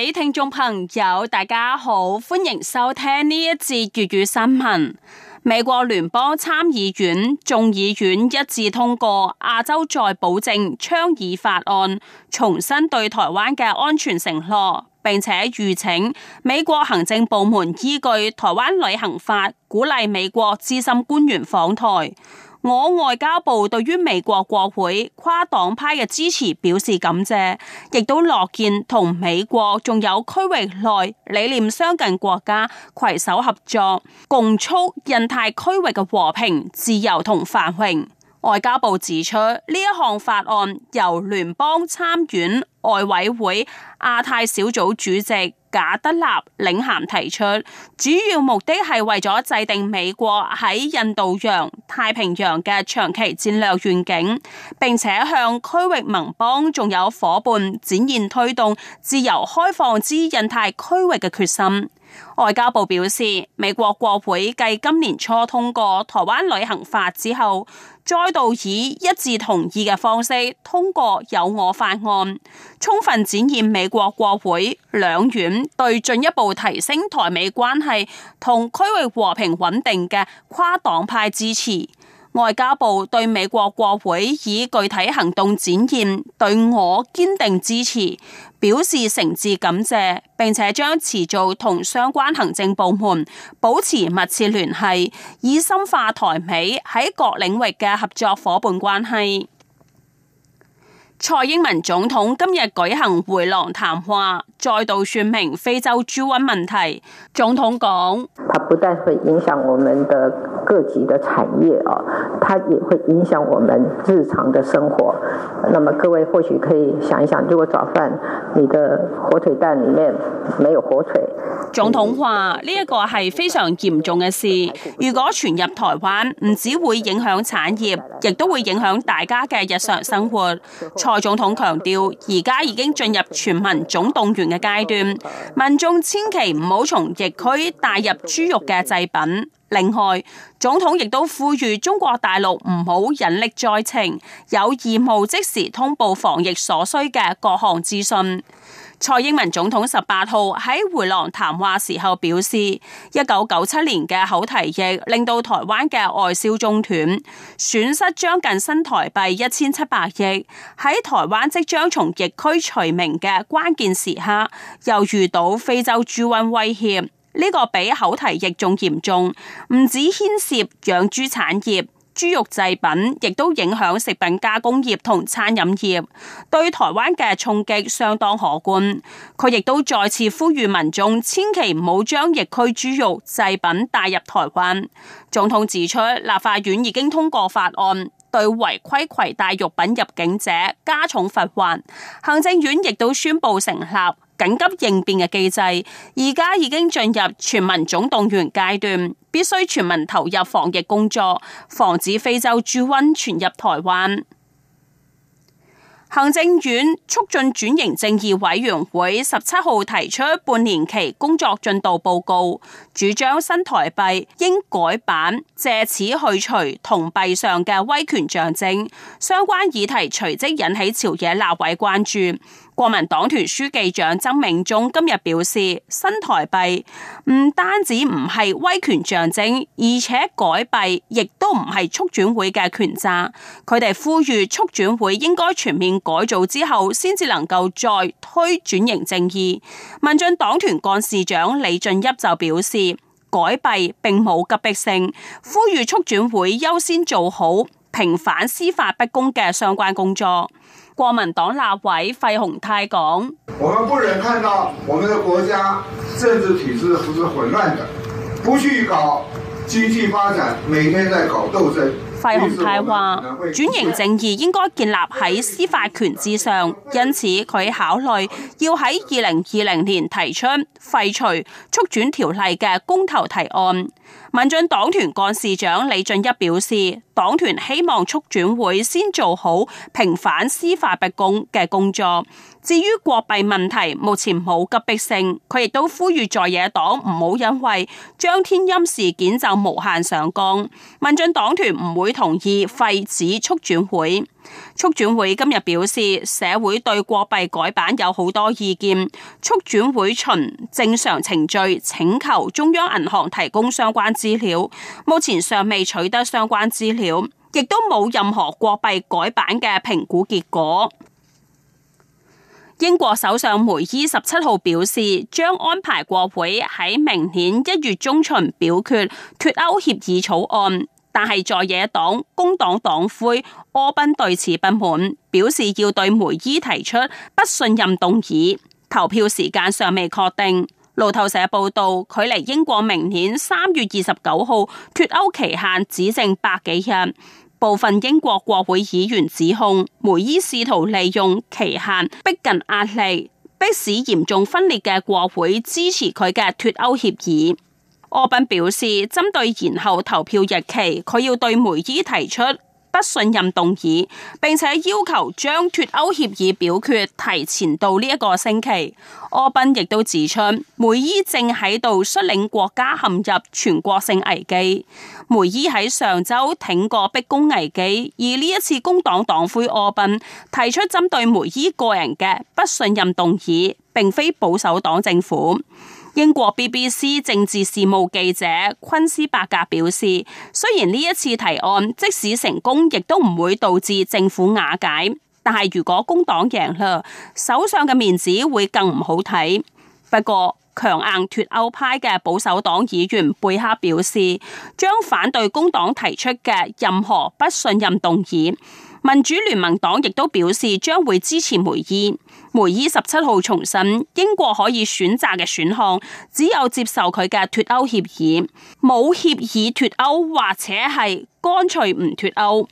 俾聽眾朋友，大家好，歡迎收聽呢一節粵語新聞。美國聯邦參議院、眾議院一致通過《亞洲再保證倡議法案》，重申對台灣嘅安全承諾，並且預請美國行政部門依據《台灣旅行法》，鼓勵美國資深官員訪台。我外交部對於美國國會跨黨派嘅支持表示感謝，亦都樂見同美國仲有區域內理念相近國家携手合作，共促印太區域嘅和平、自由同繁榮。外交部指出，呢一項法案由聯邦參院。外委會亞太小組主席賈德納領銜提出，主要目的係為咗制定美國喺印度洋、太平洋嘅長期戰略願景，並且向區域盟邦仲有夥伴展現推動自由開放之印太區域嘅決心。外交部表示，美國國會繼今年初通過台灣旅行法之後，再度以一致同意嘅方式通過友我法案，充分展現美國國會兩院對進一步提升台美關係同區域和平穩定嘅跨黨派支持。外交部對美國國會以具體行動展現對我堅定支持，表示誠摯感謝，並且將持續同相關行政部門保持密切聯繫，以深化台美喺各領域嘅合作伙伴關係。蔡英文總統今日舉行回廊談話，再度說明非洲豬瘟問題。總統講：「他不再會影響我們的。各級的產業啊，它也會影響我們日常的生活。那麼各位或許可以想一想，如果早飯你的火腿蛋裡面沒有火腿，總統話，呢一個係非常嚴重嘅事。如果傳入台灣，唔只會影響產業。亦都會影響大家嘅日常生活。蔡總統強調，而家已經進入全民總動員嘅階段，民眾千祈唔好從疫區帶入豬肉嘅製品。另外，總統亦都呼籲中國大陸唔好隱匿災情，有義務即時通報防疫所需嘅各項資訊。蔡英文總統十八號喺回廊談話時候表示，一九九七年嘅口蹄疫令到台灣嘅外銷中斷，損失將近新台幣一千七百億。喺台灣即將從疫區除名嘅關鍵時刻，又遇到非洲豬瘟威脅，呢、這個比口蹄疫仲嚴重，唔止牽涉養豬產業。豬肉製品亦都影響食品加工業同餐飲業，對台灣嘅衝擊相當可觀。佢亦都再次呼籲民眾千祈唔好將疫區豬肉製品帶入台灣。總統指出，立法院已經通過法案，對違規攜帶肉品入境者加重罰鍰。行政院亦都宣布成立，緊急應變嘅機制，而家已經進入全民總動員階段，必須全民投入防疫工作，防止非洲豬瘟傳入台灣。行政院促進轉型正義委員會十七號提出半年期工作進度報告，主張新台幣應改版，借此去除銅幣上嘅威權象徵。相關議題隨即引起朝野立委關注。國民黨團書記長曾銘宗今日表示，新台幣唔單止唔係威權象徵，而且改幣亦都唔係促轉會嘅權責。佢哋呼籲促轉會應該全面改造之後，先至能夠再推轉型正義。民進黨團幹事長李俊俋就表示，改幣並冇急迫性，呼籲促轉會優先做好平反司法不公嘅相關工作。國民黨立委費鴻泰講：我們不忍看到我們的國家政治體制不是混亂的，不去搞經濟發展，每天在搞鬥爭。費鴻泰話：轉型正義應該建立喺司法權之上，因此佢考慮要喺二零二零年提出廢除促轉條例嘅公投提案。民進黨團幹事長李俊一表示，黨團希望促轉會先做好平反司法逼供嘅工作。至於國幣問題，目前冇急迫性，佢亦都呼籲在野黨唔好因為張天欽事件就無限上綱。民進黨團唔會。會同意廢止促轉會。促轉會今日表示，社會對國幣改版有好多意見。促轉會循正常程序請求中央銀行提供相關資料，目前尚未取得相關資料，亦都冇任何國幣改版嘅評估結果。英國首相梅伊十七號表示，將安排國會喺明年一月中旬表決脫歐協議草案。但係在野黨工黨黨魁柯賓對此不滿，表示要對梅伊提出不信任動議。投票時間尚未確定。路透社報道，距離英國明年三月二十九號脫歐期限只剩百幾日，部分英國國會議員指控梅伊試圖利用期限逼近壓力，迫使嚴重分裂嘅國會支持佢嘅脫歐協議。柯賓表示，針對延後投票日期，佢要對梅伊提出不信任動議，並且要求將脫歐協議表決提前到呢一個星期。柯賓亦都指出，梅伊正喺度率領國家陷入全國性危機。梅伊喺上周挺過逼宮危機，而呢一次工黨黨魁柯賓提出針對梅伊個人嘅不信任動議，並非保守黨政府。英國 BBC 政治事務記者昆斯伯格表示，雖然呢一次提案即使成功，亦都唔會導致政府瓦解，但係如果工黨贏啦，首相嘅面子會更唔好睇。不過強硬脫歐派嘅保守黨議員貝克表示，將反對工黨提出嘅任何不信任動議。民主聯盟黨亦都表示將會支持梅伊。梅伊十七號重申，英國可以選擇嘅選項只有接受佢嘅脫歐協議，冇協議脫歐，或者係乾脆唔脫歐。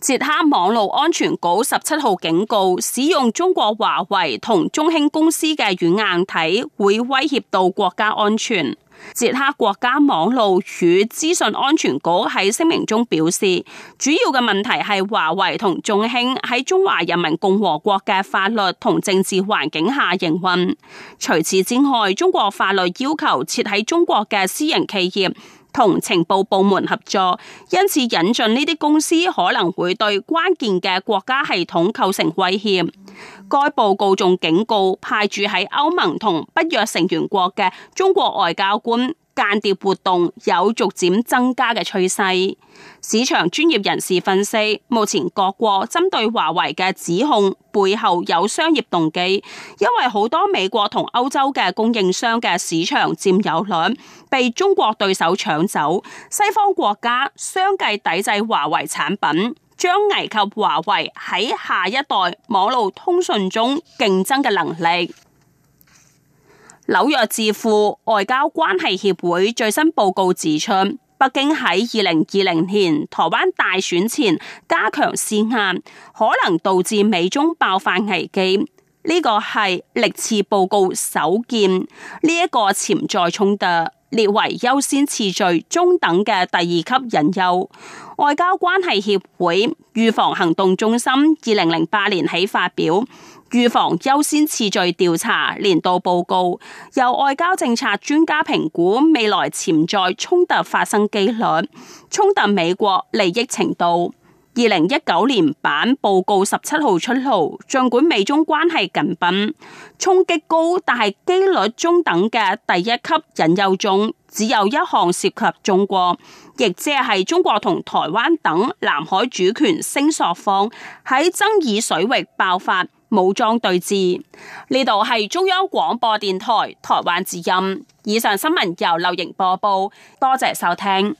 捷克網絡安全局十七號警告，使用中國華為同中興公司嘅軟硬體會威脅到國家安全。捷克國家網路與資訊安全局喺聲明中表示，主要嘅問題係華為同中興喺中華人民共和國嘅法律同政治環境下營運。除此之外，中國法律要求設喺中國嘅私營企業。同情報部門合作，因此引進呢啲公司可能會對關鍵嘅國家系統構成威脅。該報告仲警告派駐喺歐盟同北約成員國嘅中國外交官。間諜活動有逐漸增加嘅趨勢。市場專業人士分析，目前各國針對華為嘅指控背後有商業動機，因為好多美國同歐洲嘅供應商嘅市場佔有率被中國對手搶走。西方國家相繼抵制華為產品，將危及華為喺下一代網絡通訊中競爭嘅能力。紐約智庫外交關係協會最新報告指出，北京喺二零二零年台灣大選前加強施壓，可能導致美中爆發危機。呢個係歷次報告首見呢一個，這個潛在衝突列為優先次序中等嘅第二級隱憂。外交關係協會預防行動中心二零零八年起發表。預防優先次序調查年度報告，由外交政策專家評估未來潛在衝突發生機率、衝突美國利益程度。二零一九年版報告十七號出爐，盡管美中關係緊繃，衝擊高，但係機率中等嘅第一級引誘中只有一項涉及中國，亦即係中國同台灣等南海主權聲索方喺爭議水域爆發武裝對峙，呢度係中央廣播電台台灣之音，以上新聞由劉瑩播報，多謝收聽。